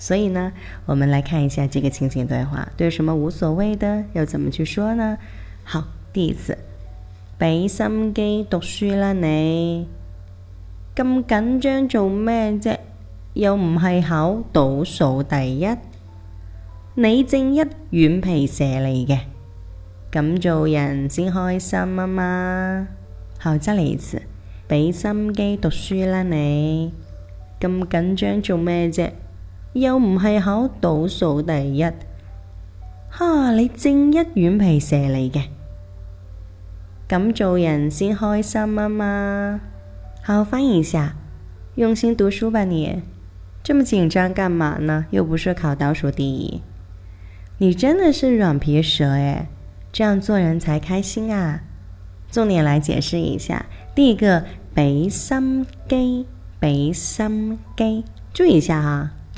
所以呢，我們來看一下這個情景對話。對什麼無所謂的要怎麼去說呢？好，第一次，俾心機讀書啦，你咁緊張做咩啫？又唔係考倒數第一，你正一軟皮蛇嚟嘅，咁做人先開心啊嘛。好，再嚟一次，畀心機讀書啦，你咁緊張做咩啫？又唔係考倒數第一，哈！你正一軟皮蛇嚟嘅，咁做人先開心啊嘛。好，翻譯一下，用心讀書吧你，你這麼緊張幹嘛呢？又不是考倒數第一，你真的是軟皮蛇誒！這樣做人才開心啊！重點來解釋一下，第一個俾心機，俾心機，注意一下哈。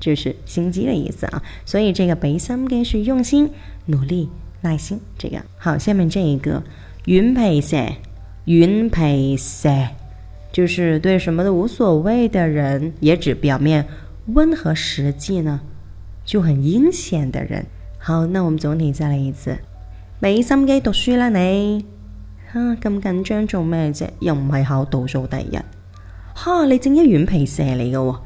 就是心機的意思啊，所以這個“俾心機”是用心、努力、耐心。這個好，下面這一個“軟皮蛇”，軟皮蛇就是對什麼都無所謂的人，也指表面溫和，實際呢就很陰險的人。好，那我們總體再來一次，俾心機讀書啦，你哈咁緊張做咩啫？又唔係考倒數第一，哈、啊，你正一軟皮蛇嚟噶。